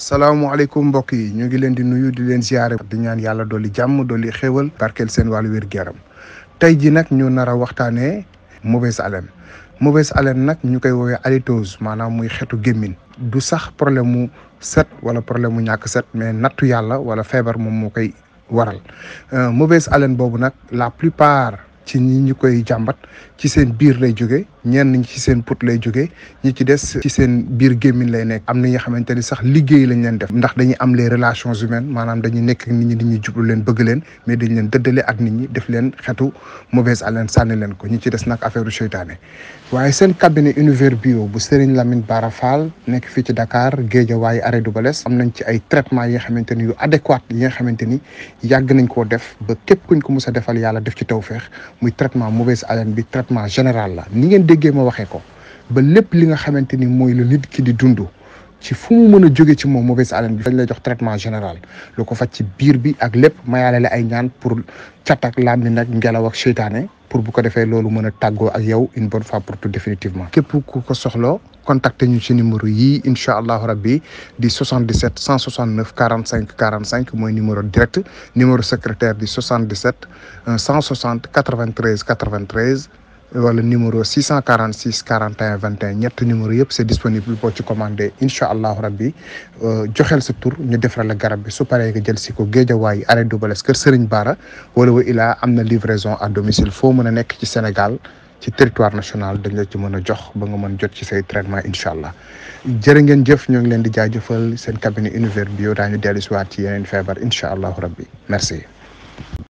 salaamaaleykum mbokk yi ñoo ngi leen di nuyu di leen ziare di ñaan yàlla dolli jàmm dolli xéewal barkeel seen wàllu wér-gu-yaram tey ji nag ñu nar a waxtaanee mauvaise haleine mauvaise haleine nag ñu koy woowee halitose maanaam muy xeetu gémmin du sax problème mu set wala problème mu ñàkk set mais nattu yàlla wala feebar moom moo koy waral euh, mauvaise haleine boobu nag la plupart ci ñi ñu koy jàmbat ci seen biir lay jóge ñeen ñi ci seen put lay jóge ñi ci des ci seen biir gémmiñ lay nekk am na ñoo xamante ni sax liggéey lañ leen def ndax dañuy am les relations humaines maanaam dañuy nekk ak nit ñi dañuy jublu leen bëgg leen mais dañ leen dëddale ak nit ñi def leen xetu mauvaise haleine sànni leen ko ñi ci des nag affaire u seytaane waaye seen cabinet univers bio bu Serigne Lamine Bara Fall nekk fii ci Dakar Guédiawaye arrêt du Balès am nañ ci ay yi nga xamante ni yu adéquat yi nga xamante ni yàgg nañ koo def ba képp kuñ ko mës a defal yàlla def ci tawfeex muy traitement mauvaise haleine bi traitement général la ni ngeen déggee ma waxee ko ba lépp li nga xamante ni mooy lu nit ki di dund ci fu mu mën ci moom mauvaise haleine bi dañ lay jox traitement général lu ko faj ci biir bi ak lépp mayaale la ay ñaan pour cat ak làmmiñ ak ngelaw ak seytaane pour bu ko defee loolu mën a tàggoo ak yow une bonne fois pour tout définitivement. képp ku ko soxloo contacté ñu ci numéro yii incha allahu rabbi di 77 169 45 45 mooy numéro direct numéro secrétaire di 77 160 93 93 wala numéro 646 41 21 ñett numéro yëpp c'est disponible pour ci commander incha allahu rabbi euh, joxel sa tour ñu defal la garab bi su paree nga jël ci ko Géejawaay arrêt Doubalès kër Serigne Bara wala wa ilaa am livraison à domicile fo mëna nekk ci Sénégal ci territoire national dañ la ci mëna jox ba nga mën jot ci say traitement incha allah jërë ngeen jëf ñu ngi leen di jaajëfal seen cabinet univers bio dañu délu si ci yeneen feebar incha allahu rabbi merci